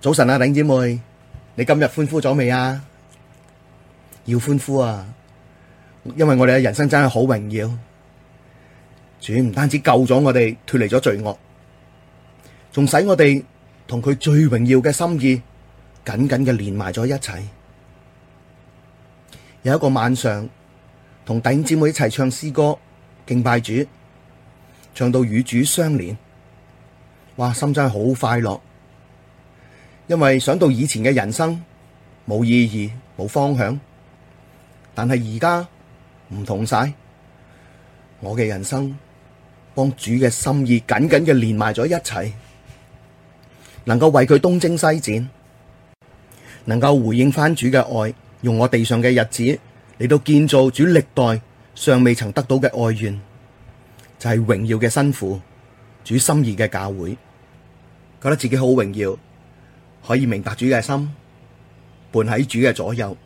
早晨啊，弟姊妹，你今日歡呼咗未啊？要歡呼啊！因為我哋嘅人生真係好榮耀，主唔單止救咗我哋，脫離咗罪惡，仲使我哋同佢最榮耀嘅心意緊緊嘅連埋咗一齊。有一個晚上，同弟姊妹一齊唱詩歌敬拜主，唱到與主相連，哇，心真係好快樂。因為想到以前嘅人生冇意義、冇方向，但係而家唔同晒，我嘅人生幫主嘅心意緊緊嘅連埋咗一齊，能夠為佢東征西戰，能夠回應翻主嘅愛，用我地上嘅日子嚟到建造主歷代尚未曾得到嘅愛願，就係、是、榮耀嘅辛苦，主心意嘅教會，覺得自己好榮耀。可以明白主嘅心，伴喺主嘅左右，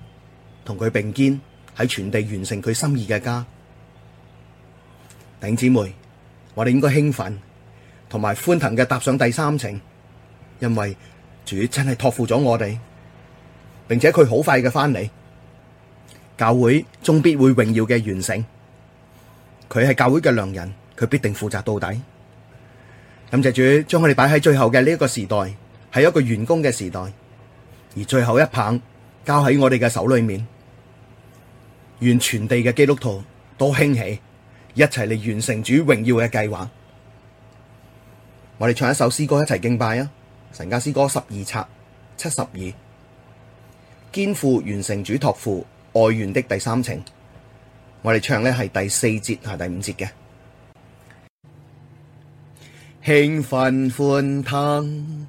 同佢並肩喺全地完成佢心意嘅家。弟兄姊妹，我哋應該興奮同埋歡騰嘅踏上第三程，因為主真係託付咗我哋，並且佢好快嘅翻嚟，教會終必會榮耀嘅完成。佢係教會嘅良人，佢必定負責到底。感謝主，將我哋擺喺最後嘅呢一個時代。係一個完工嘅時代，而最後一棒交喺我哋嘅手裏面，願全地嘅基督徒都興起，一齊嚟完成主榮耀嘅計劃。我哋唱一首詩歌，一齊敬拜啊！神家詩歌十二冊七十二，肩負完成主托付愛願的第三程。我哋唱呢係第四節同第五節嘅，興奮歡騰。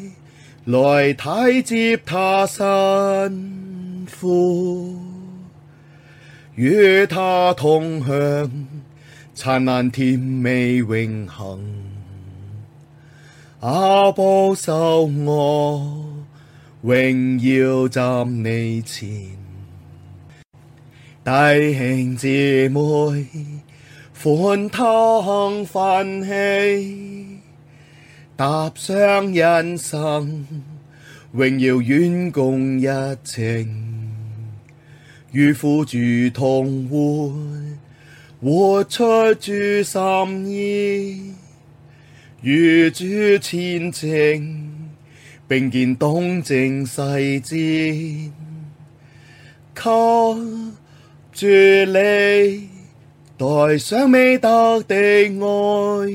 來提接祂新婦，與他同享燦爛甜美永恆。啊，保守我榮耀站祢前，弟兄姊妹歡騰奮起。踏上人生，榮耀完工一程，與父、主同活，活出主心意，與主前征，並肩東征西戰，給主歷代尚未得的愛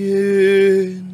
願。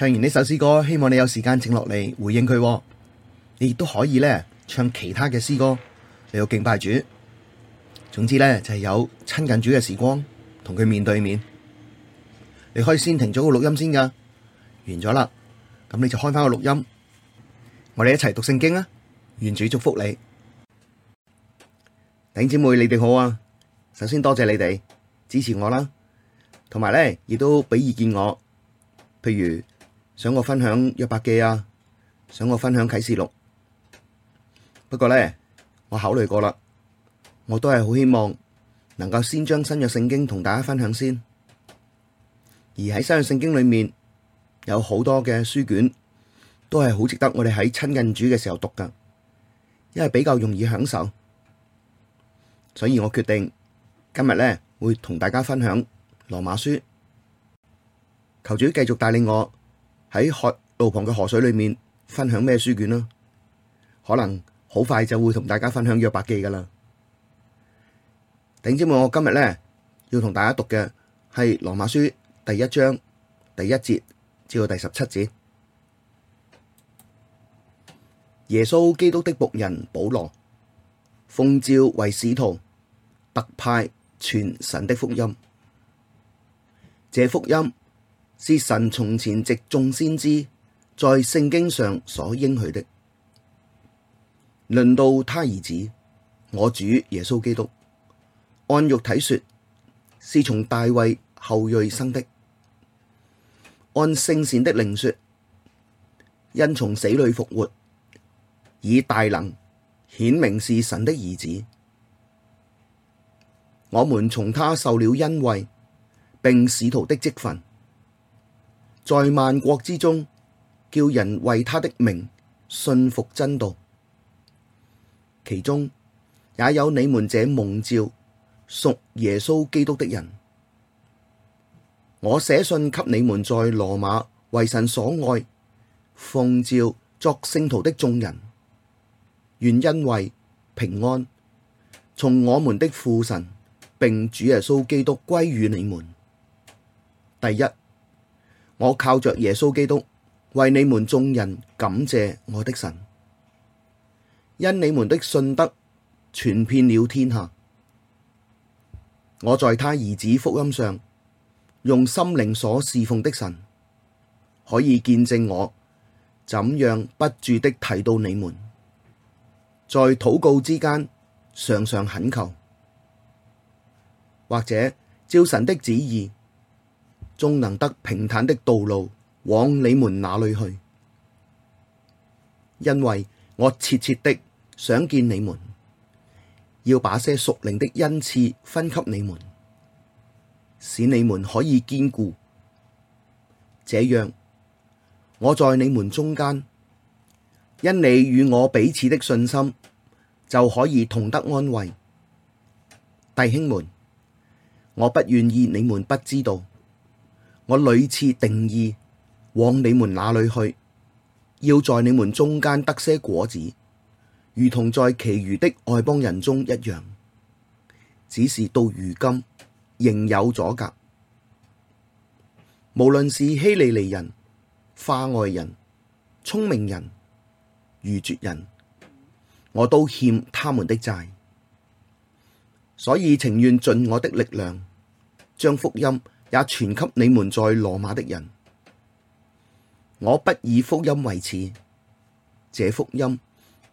唱完呢首詩歌，希望你有時間靜落嚟回應佢。你亦都可以咧唱其他嘅詩歌嚟到敬拜主。總之咧就係、是、有親近主嘅時光，同佢面對面。你可以先停咗個錄音先噶，完咗啦，咁你就開翻個錄音。我哋一齊讀聖經啊！願主祝福你，弟兄姊妹你哋好啊！首先多謝你哋支持我啦，同埋咧亦都俾意見我，譬如。想我分享約伯記啊，想我分享啟示錄。不過呢，我考慮過啦，我都係好希望能夠先將新約聖經同大家分享先。而喺新約聖經裏面，有好多嘅書卷都係好值得我哋喺親近主嘅時候讀噶，因為比較容易享受，所以我決定今日呢，會同大家分享羅馬書。求主繼續帶領我。喺河路旁嘅河水裏面分享咩書卷啦？可能好快就會同大家分享約伯記噶啦。弟兄姊妹，我今日咧要同大家讀嘅係羅馬書第一章第一節至到第十七節。耶穌基督的僕人保羅，奉召為使徒，特派傳神的福音。這福音。是神從前藉眾先知在聖經上所應許的，論到他兒子我主耶穌基督，按肉體說是從大衛後裔生的，按聖善的靈說，因從死裡復活，以大能顯明是神的兒子。我們從他受了恩惠，並使徒的職分。在萬國之中，叫人為他的名信服真道，其中也有你們這蒙召屬耶穌基督的人。我寫信給你們在羅馬為神所愛、奉召作聖徒的眾人，願恩惠、平安，從我們的父神並主耶穌基督歸與你們。第一，我靠着耶穌基督為你們眾人感謝我的神，因你們的信德傳遍了天下。我在他兒子福音上用心靈所侍奉的神，可以見證我怎樣不住的提到你們，在禱告之間常常懇求，或者照神的旨意。終能得平坦的道路往你們那裏去，因為我切切的想見你們，要把些屬靈的恩賜分給你們，使你們可以堅固。這樣，我在你們中間，因你與我彼此的信心，就可以同得安慰。弟兄們，我不願意你們不知道。我屢次定意往你們那裡去，要在你們中間得些果子，如同在其餘的外邦人中一樣。只是到如今仍有阻隔，無論是希利尼人、化外人、聰明人、愚拙人，我都欠他們的債，所以情願盡我的力量將福音。也傳給你們在羅馬的人。我不以福音為恥，這福音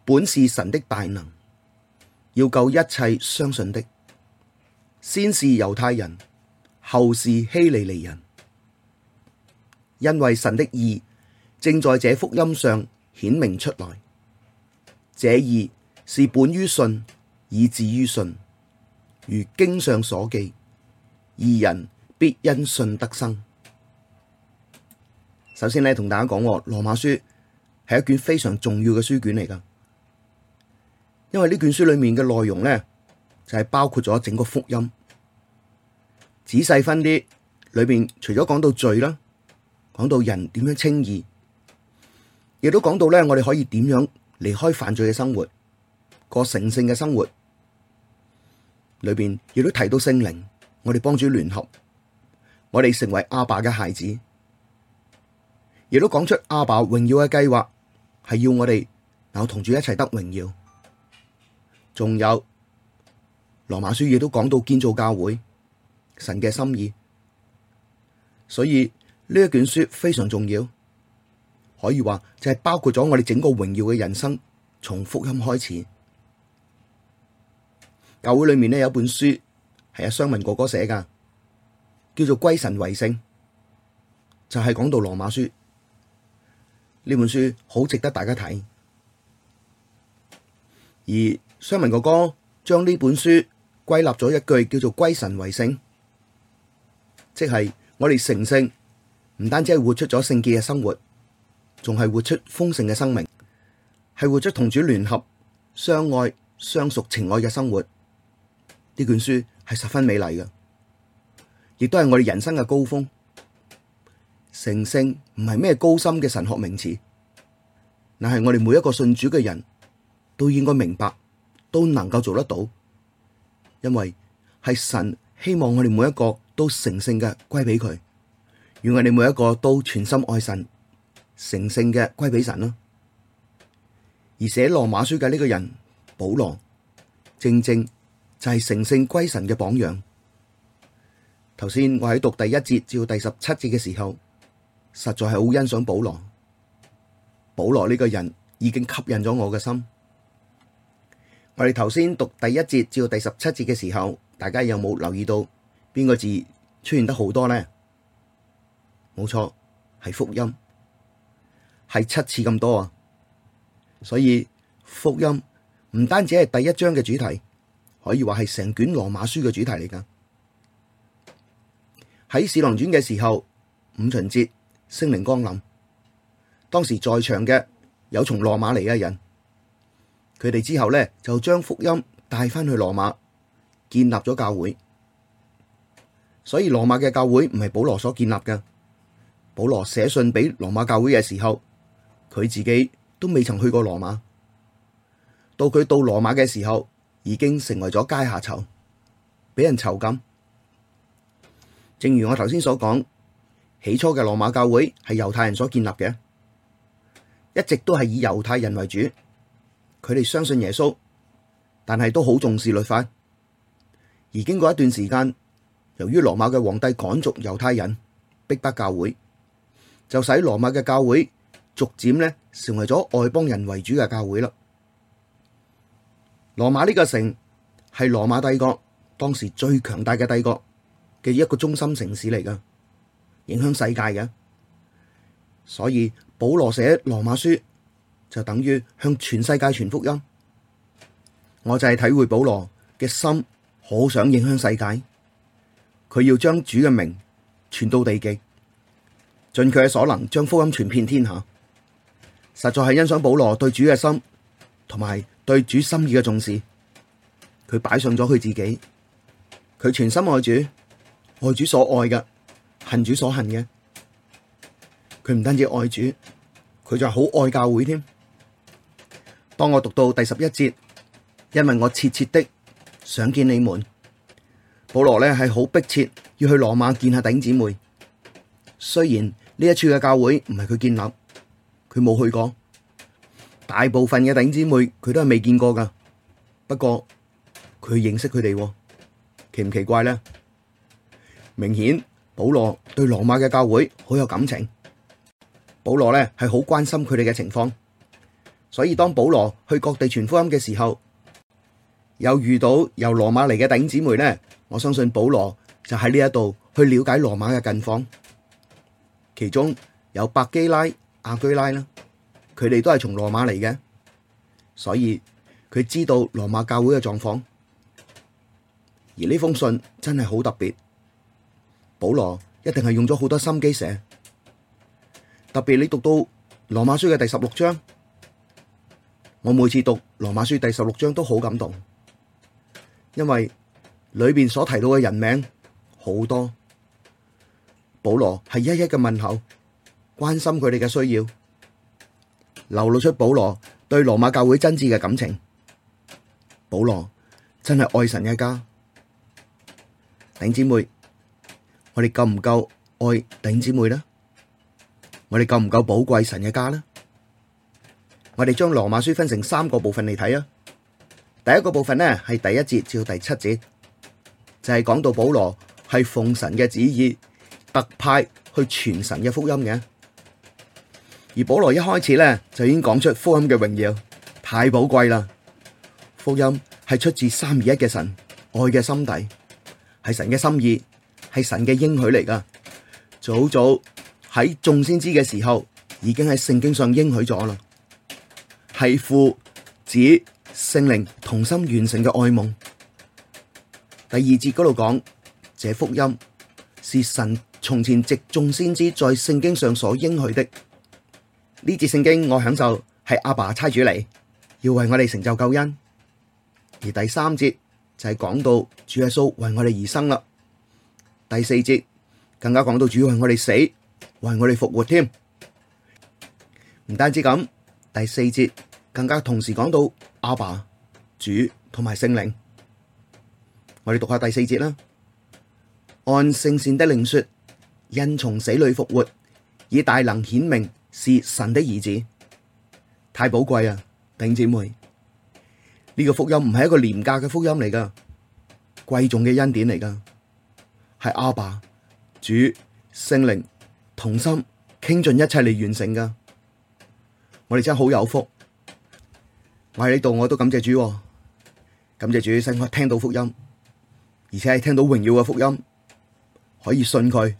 本是神的大能，要救一切相信的。先是猶太人，後是希利尼人，因為神的義正在這福音上顯明出來。這義是本於信，以至於信，如經上所記：義人，必因信得生。首先咧，同大家講，羅馬書係一卷非常重要嘅書卷嚟㗎，因為呢卷書裏面嘅內容咧，就係包括咗整個福音。仔細分啲，裏邊除咗講到罪啦，講到人點樣稱義，亦都講到咧，我哋可以點樣離開犯罪嘅生活，過成聖嘅生活。裏邊亦都提到聖靈，我哋幫主聯合。我哋成為阿爸嘅孩子，亦都講出阿爸榮耀嘅計劃，係要我哋能同住一齊得榮耀。仲有羅馬書亦都講到建造教會，神嘅心意。所以呢一卷書非常重要，可以話就係包括咗我哋整個榮耀嘅人生，從福音開始。教會裡面呢有本書係阿商文哥哥寫噶叫做歸神為聖，就係講到羅馬書呢本書好值得大家睇。而商文哥哥將呢本書歸納咗一句叫做歸神為聖，即係我哋成聖唔單止係活出咗聖潔嘅生活，仲係活出豐盛嘅生命，係活出同主聯合、相愛、相屬情愛嘅生活。呢卷書係十分美麗嘅。亦都係我哋人生嘅高峰，成聖唔係咩高深嘅神學名詞，但係我哋每一個信主嘅人都應該明白，都能夠做得到，因為係神希望我哋每一個都成聖嘅歸畀佢，願我哋每一個都全心愛神，成聖嘅歸畀神囉。而寫羅馬書嘅呢個人保羅，正正就係成聖歸神嘅榜樣。頭先我喺讀第一節至到第十七節嘅時候，實在係好欣賞保羅。保羅呢個人已經吸引咗我嘅心。我哋頭先讀第一節至到第十七節嘅時候，大家有冇留意到邊個字出現得好多呢？冇錯，係福音，係七次咁多啊！所以福音唔單止係第一章嘅主題，可以話係成卷羅馬書嘅主題嚟㗎。喺使徒行傳嘅時候，五旬節聖靈光臨。當時在場嘅有從羅馬嚟嘅人，佢哋之後呢，就將福音帶翻去羅馬，建立咗教會。所以羅馬嘅教會唔係保羅所建立嘅。保羅寫信俾羅馬教會嘅時候，佢自己都未曾去過羅馬。到佢到羅馬嘅時候，已經成為咗階下囚，俾人囚禁。正如我頭先所講，起初嘅羅馬教會係猶太人所建立嘅，一直都係以猶太人為主。佢哋相信耶穌，但係都好重視律法。而經過一段時間，由於羅馬嘅皇帝趕逐猶太人，逼迫教會，就使羅馬嘅教會逐漸咧成為咗外邦人為主嘅教會啦。羅馬呢個城係羅馬帝國當時最強大嘅帝國。嘅一個中心城市嚟噶，影響世界嘅，所以保羅寫羅馬書就等於向全世界傳福音。我就係體會保羅嘅心，好想影響世界，佢要將主嘅名傳到地極，盡佢嘅所能將福音傳遍天下。實在係欣賞保羅對主嘅心，同埋對主心意嘅重視，佢擺上咗佢自己，佢全心愛主。愛主所愛嘅，恨主所恨嘅，佢唔單止愛主，佢就係好愛教會添。當我讀到第十一節，因為我切切的想見你們，保羅呢係好迫切要去羅馬見下弟兄姊妹。雖然呢一處嘅教會唔係佢建立，佢冇去過，大部分嘅弟兄姊妹佢都係未見過噶。不過佢認識佢哋，奇唔奇怪咧？明顯保羅對羅馬嘅教會好有感情，保羅呢係好關心佢哋嘅情況，所以當保羅去各地傳福音嘅時候，又遇到由羅馬嚟嘅弟兄姊妹呢，我相信保羅就喺呢一度去了解羅馬嘅近況，其中有百基拉、亞居拉啦，佢哋都係從羅馬嚟嘅，所以佢知道羅馬教會嘅狀況，而呢封信真係好特別。保羅一定係用咗好多心機寫，特別你讀到羅馬書嘅第十六章，我每次讀羅馬書第十六章都好感動，因為裏邊所提到嘅人名好多，保羅係一一嘅問候，關心佢哋嘅需要，流露出保羅對羅馬教會真摯嘅感情。保羅真係愛神一家，頂姊妹。我哋夠唔夠愛弟兄姊妹咧？我哋夠唔夠寶貴神嘅家咧？我哋將羅馬書分成三個部分嚟睇啊。第一個部分咧係第一節至到第七節，就係講到保羅係奉神嘅旨意特派去傳神嘅福音嘅。而保羅一開始咧就已經講出福音嘅榮耀太寶貴啦。福音係出自三而一嘅神愛嘅心底，係神嘅心意。係神嘅應許嚟噶，早早喺眾先知嘅時候，已經喺聖經上應許咗啦。係父、子、聖靈同心完成嘅愛夢。第二節嗰度講，這福音是神從前藉眾先知在聖經上所應許的。呢節聖經我享受係阿爸差主嚟，要為我哋成就救恩。而第三節就係講到主耶穌為我哋而生啦。第四節更加講到主為我哋死，為我哋復活添。唔單止咁，第四節更加同時講到阿爸、主同埋聖靈。我哋讀下第四節啦。按聖善的靈說，因從死裡復活，以大能顯明是神的兒子。太寶貴啊，弟兄姐妹，呢個福音唔係一個廉價嘅福音嚟噶，貴重嘅恩典嚟噶。係阿爸、主、聖靈同心傾盡一切嚟完成噶，我哋真係好有福。我喺呢度我都感謝主，哦，感謝主使我聽到福音，而且係聽到榮耀嘅福音，可以信佢，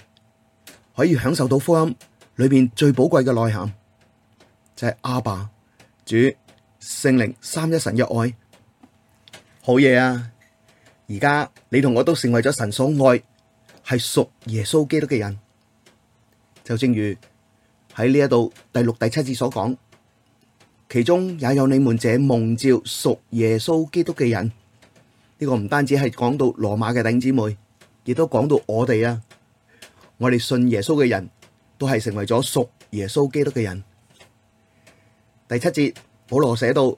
可以享受到福音裏邊最寶貴嘅內涵，就係、是、阿爸、主、聖靈三一神一愛，好嘢啊！而家你同我都成為咗神所愛。係屬耶穌基督嘅人，就正如喺呢一度第六第七節所講，其中也有你們這蒙召屬耶穌基督嘅人。呢個唔單止係講到羅馬嘅弟兄姊妹，亦都講到我哋啊，我哋信耶穌嘅人，都係成為咗屬耶穌基督嘅人。第七節，保羅寫到：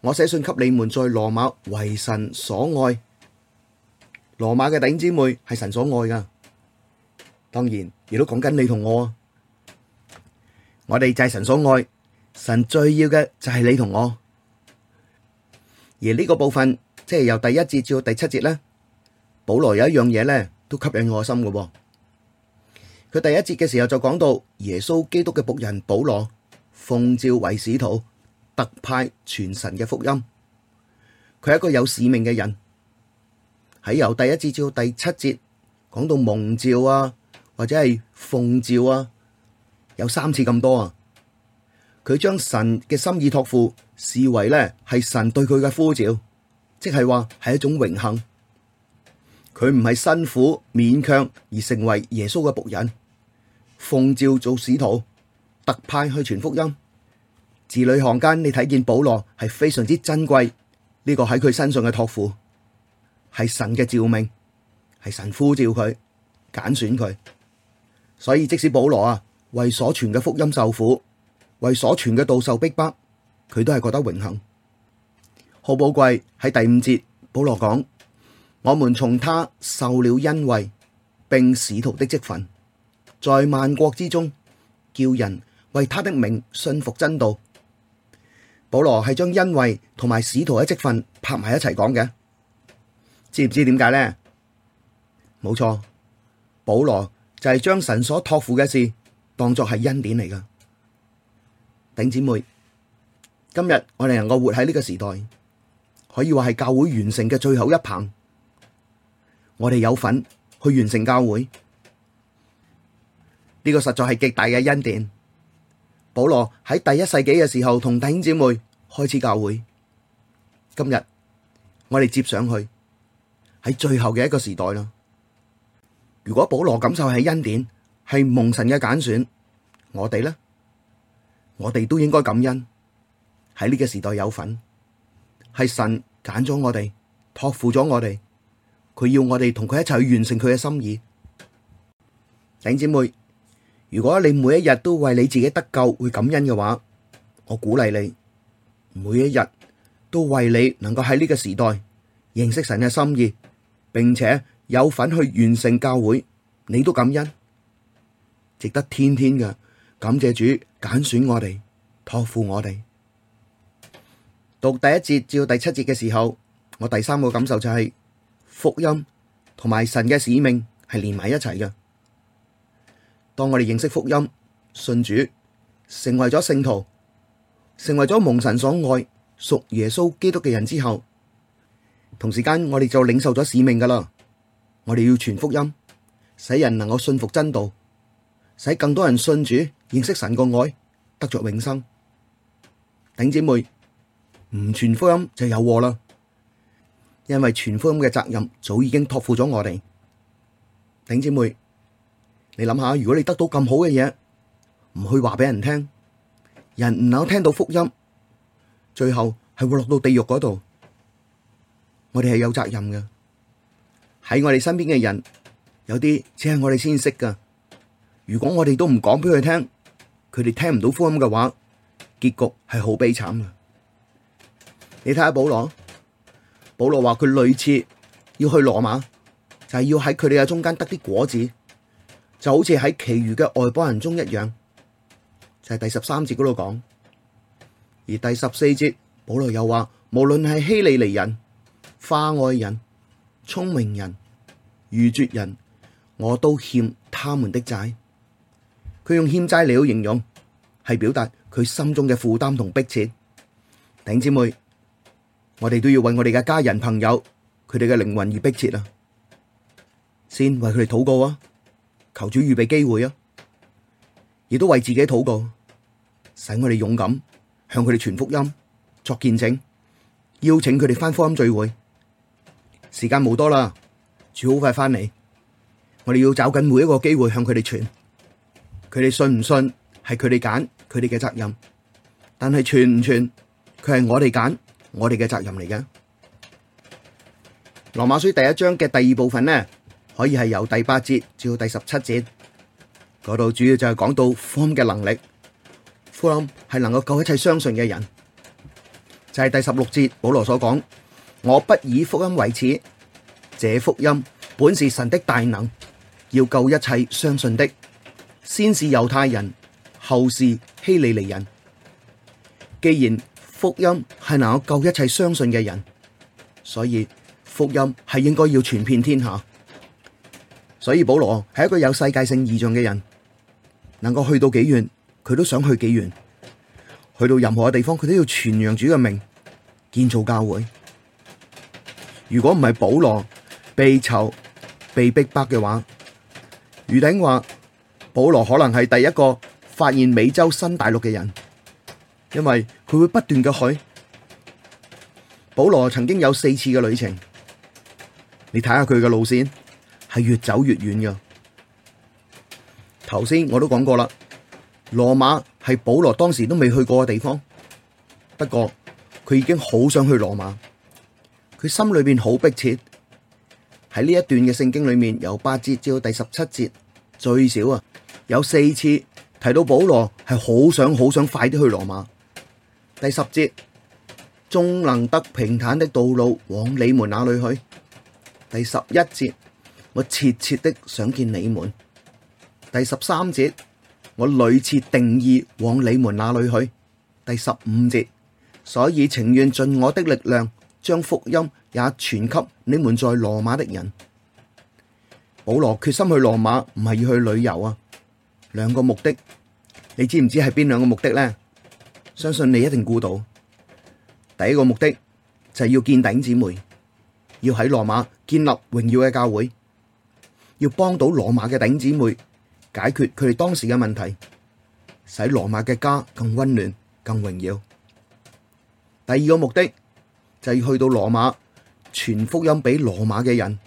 我寫信給你們，在羅馬為神所愛。羅馬嘅弟兄姊妹係神所愛噶，當然亦都講緊你同我啊。我哋就係神所愛，神最要嘅就係你同我。而呢個部分，即係由第一節至到第七節咧，保羅有一樣嘢咧都吸引我心嘅。佢第一節嘅時候就講到耶穌基督嘅僕人保羅奉召為使徒，特派傳神嘅福音。佢係一個有使命嘅人。喺由第一節至到第七節，講到蒙召啊，或者係奉召啊，有三次咁多啊。佢將神嘅心意託付，視為咧係神對佢嘅呼召，即係話係一種榮幸。佢唔係辛苦勉強而成為耶穌嘅僕人，奉召做使徒，特派去傳福音。字裡行間你睇見保羅係非常之珍貴呢、這個喺佢身上嘅託付。係神嘅召命，係神呼召佢揀選佢，所以即使保羅啊為所傳嘅福音受苦，為所傳嘅道受逼迫，迫，佢都係覺得榮幸，好寶貴。喺第五節，保羅講：我們從他受了恩惠，並使徒的職分，在萬國之中叫人為他的名信服真道。保羅係將恩惠同埋使徒嘅職分拍埋一齊講嘅。知唔知點解咧？冇錯，保羅就係將神所託付嘅事當作係恩典嚟噶。弟兄姊妹，今日我哋能夠活喺呢個時代，可以話係教會完成嘅最後一棒。我哋有份去完成教會，呢個實在係極大嘅恩典。保羅喺第一世紀嘅時候同弟兄姊妹開始教會，今日我哋接上去。喺最後嘅一個時代啦。如果保羅感受係恩典，係蒙神嘅揀選，我哋咧，我哋都應該感恩喺呢個時代有份，係神揀咗我哋，託付咗我哋，佢要我哋同佢一齊去完成佢嘅心意。弟兄姊妹，如果你每一日都為你自己得救會感恩嘅話，我鼓勵你每一日都為你能夠喺呢個時代認識神嘅心意，並且有份去完成教會，你都感恩，值得天天嘅感謝主揀選我哋，託付我哋。讀第一節至到第七節嘅時候，我第三個感受就係福音同埋神嘅使命係連埋一齊嘅。當我哋認識福音、信主、成為咗聖徒、成為咗蒙神所愛、屬耶穌基督嘅人之後。同時間，我哋就領受咗使命㗎喇，我哋要傳福音，使人能夠信服真道，使更多人信主，認識神個愛，得着永生。弟兄姊妹，唔傳福音就有禍啦，因為傳福音嘅責任早已經托付咗我哋。弟兄姊妹，你諗下，如果你得到咁好嘅嘢，唔去話俾人聽，人唔能夠聽到福音，最後係會落到地獄嗰度。我哋係有責任嘅，喺我哋身邊嘅人有啲只係我哋先識噶。如果我哋都唔講俾佢聽，佢哋聽唔到福音嘅話，結局係好悲慘噶。你睇下，保羅，保羅話佢屢次要去羅馬，就係要喺佢哋嘅中間得啲果子，就好似喺其餘嘅外邦人中一樣，就係第十三節嗰度講。而第十四節保羅又話，無論係希利尼人。化外人、聰明人、愚拙人，我都欠他們的債。佢用欠債嚟形容，係表達佢心中嘅負擔同迫切。頂姐妹，我哋都要為我哋嘅家人朋友，佢哋嘅靈魂而迫切啊！先為佢哋禱告啊，求主預備機會啊，亦都為自己禱告，使我哋勇敢向佢哋傳福音，作見證，邀請佢哋返福音聚會。時間冇多啦，主好快翻嚟。我哋要找緊每一個機會向佢哋傳，佢哋信唔信係佢哋揀，佢哋嘅責任。但係傳唔傳，佢係我哋揀，我哋嘅責任嚟嘅。羅馬書第一章嘅第二部分呢，可以係由第八節至到第十七節嗰度，主要就係講到福音嘅能力，福音係能夠救一切相信嘅人，就係、是、第十六節保羅所講。我不以福音為恥，這福音本是神的大能，要救一切相信的，先是猶太人，後是希利尼人。既然福音係能夠救一切相信嘅人，所以福音係應該要傳遍天下。所以保羅係一個有世界性異象嘅人，能夠去到幾遠，佢都想去幾遠，去到任何嘅地方，佢都要傳揚主嘅命，建造教會。如果唔係保羅被囚、被逼迫嘅話，余鼎話保羅可能係第一個發現美洲新大陸嘅人，因為佢會不斷嘅去。保羅曾經有四次嘅旅程，你睇下佢嘅路線係越走越遠嘅。頭先我都講過啦，羅馬係保羅當時都未去過嘅地方，不過佢已經好想去羅馬。佢心裏面好迫切，喺呢一段嘅聖經裏面，由八節至到第十七節，最少啊有四次提到保羅係好想好想快啲去羅馬。第十節，終能得平坦的道路往你們那裏去。第十一節，我切切的想見你們。第十三節，我屢次定意往你們那裏去。第十五節，所以情願盡我的力量。將福音也傳給你們在羅馬的人。保羅決心去羅馬，唔係要去旅遊啊！兩個目的，你知唔知係邊兩個目的呢？相信你一定估到。第一個目的就係要見頂姊妹，要喺羅馬建立榮耀嘅教會，要幫到羅馬嘅頂姊妹解決佢哋當時嘅問題，使羅馬嘅家更溫暖、更榮耀。第二個目的。就要去到羅馬傳福音俾羅馬嘅人，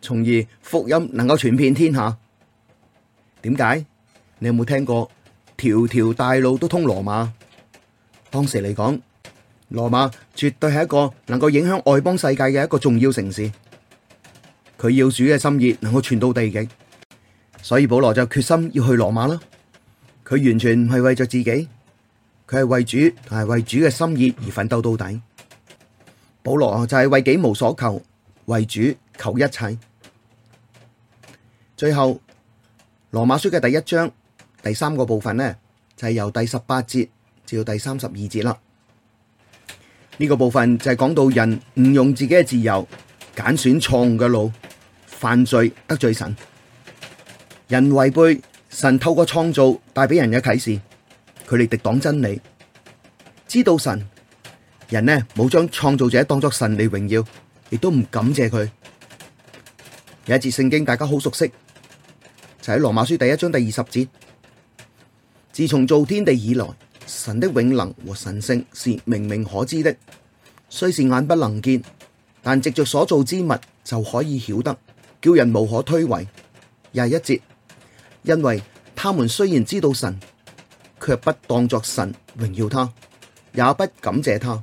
從而福音能夠傳遍天下。點解？你有冇聽過條條大路都通羅馬？當時嚟講，羅馬絕對係一個能夠影響外邦世界嘅一個重要城市。佢要主嘅心意能夠傳到地極，所以保羅就決心要去羅馬啦。佢完全唔係為着自己，佢係為主係為主嘅心意而奮鬥到底。保羅就係、是、為己無所求，為主求一切。最後，羅馬書嘅第一章第三個部分呢，就係、是、由第十八節至到第三十二節啦。呢、這個部分就係講到人唔用自己嘅自由揀選錯誤嘅路，犯罪得罪神，人違背神透過創造帶俾人嘅啟示，佢哋敵擋真理，知道神，人呢，冇將創造者當作神嚟榮耀，亦都唔感謝佢。有一節聖經大家好熟悉，就喺、是、羅馬書第一章第二十節。自從造天地以來，神的永能和神性是明明可知的，雖是眼不能見，但藉着所造之物就可以曉得，叫人無可推諉。廿一節，因為他們雖然知道神，卻不當作神榮耀他，也不感謝他。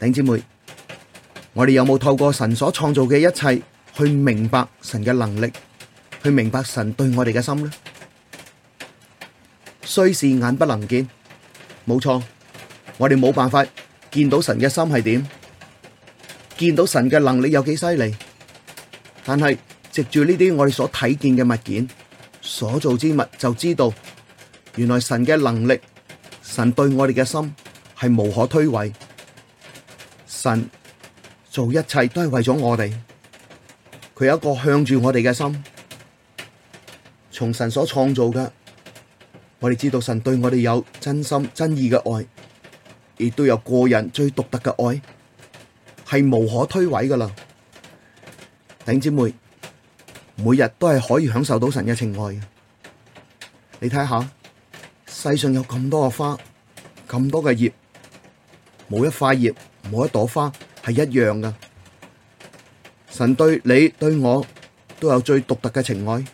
頂姊妹，我哋有冇透過神所創造嘅一切去明白神嘅能力，去明白神對我哋嘅心呢？雖是眼不能見，冇錯，我哋冇辦法見到神嘅心係點，見到神嘅能力有幾犀利，但係藉住呢啲我哋所睇見嘅物件、所做之物，就知道原來神嘅能力、神對我哋嘅心係無可推諉。神做一切都係為咗我哋，佢有一個向住我哋嘅心。從神所創造嘅，我哋知道神對我哋有真心真意嘅愛，亦都有個人最獨特嘅愛，係無可推諉噶啦。弟兄姊妹，每日都係可以享受到神嘅情愛嘅。你睇下，世上有咁多嘅花，咁多嘅葉，冇一塊葉。每一朵花係一樣噶，神對你對我都有最獨特嘅情愛，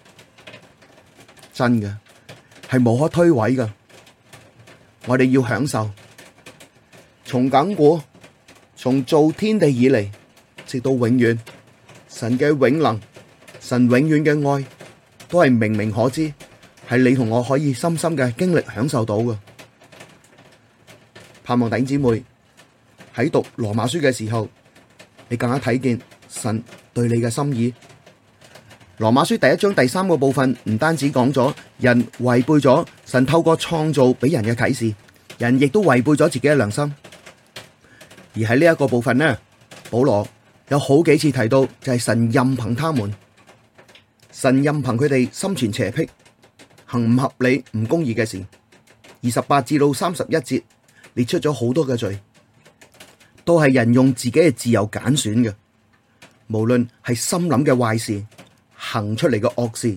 真嘅係無可推諉噶。我哋要享受，從亙古，從造天地以嚟，直到永遠，神嘅永能，神永遠嘅愛，都係明明可知，係你同我可以深深嘅經歷享受到噶。盼望弟兄姊妹。喺讀羅馬書嘅時候，你更加睇見神對你嘅心意。羅馬書第一章第三個部分唔單止講咗人違背咗神透過創造俾人嘅啟示，人亦都違背咗自己嘅良心。而喺呢一個部分呢，保羅有好幾次提到就係神任憑他們，神任憑佢哋心存邪僻、行唔合理、唔公義嘅事。二十八至到三十一節列出咗好多嘅罪。都係人用自己嘅自由揀選嘅，無論係心諗嘅壞事，行出嚟嘅惡事，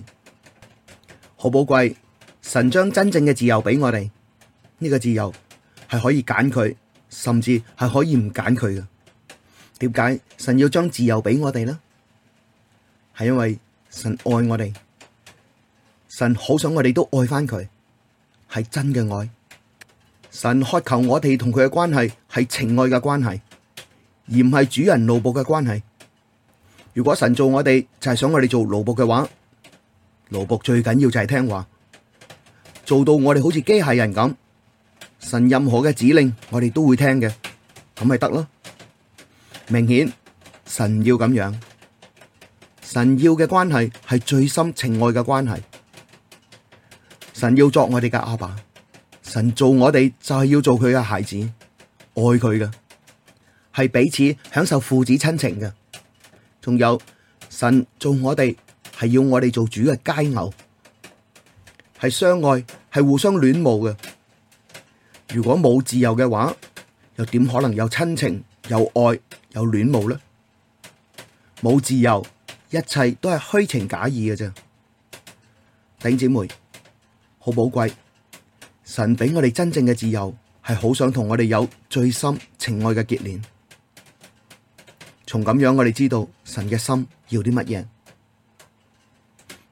好寶貴。神將真正嘅自由俾我哋，呢個自由係可以揀佢，甚至係可以唔揀佢嘅。點解神要將自由俾我哋呢？係因為神愛我哋，神好想我哋都愛翻佢，係真嘅愛。神渴求我哋同佢嘅關係係情愛嘅關係，而唔係主人奴僕嘅關係。如果神做我哋，就係想我哋做奴僕嘅話，奴僕最緊要就係聽話，做到我哋好似機械人咁，神任何嘅指令我哋都會聽嘅，咁咪得咯。明顯，神要咁樣，神要嘅關係係最深情愛嘅關係，神要作我哋嘅阿爸。神做我哋就係要做佢嘅孩子，愛佢嘅，係彼此享受父子親情嘅。仲有神做我哋係要我哋做主嘅佳偶，係相愛，係互相戀慕嘅。如果冇自由嘅話，又點可能有親情、有愛、有戀慕呢？冇自由，一切都係虛情假意嘅啫。頂姐妹好寶貴。神俾我哋真正嘅自由，係好想同我哋有最深情愛嘅結連。從咁樣我哋知道神嘅心要啲乜嘢。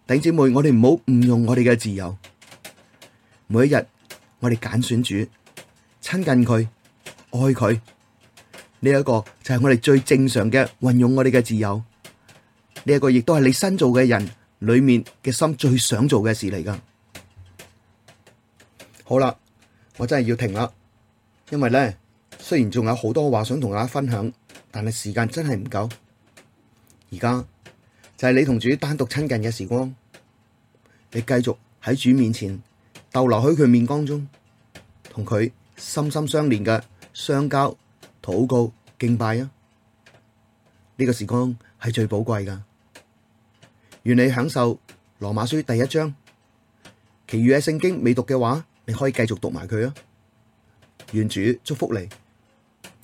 弟兄姊妹，我哋唔好誤用我哋嘅自由。每一日我哋揀選，選主，親近佢，愛佢，呢一個就係我哋最正常嘅運用我哋嘅自由。呢一個亦都係你新做嘅人裏面嘅心最想做嘅事嚟噶。好啦，我真係要停啦，因為咧，雖然仲有好多話想同大家分享，但係時間真係唔夠。而家就係你同主單獨親近嘅時光，你繼續喺主面前逗留喺佢面光中，同佢心心相連嘅相交、禱告、敬拜啊！呢個時光係最寶貴噶。願你享受羅馬書第一章，其餘嘅聖經未讀嘅話。你可以繼續讀埋佢吖，願主祝福你。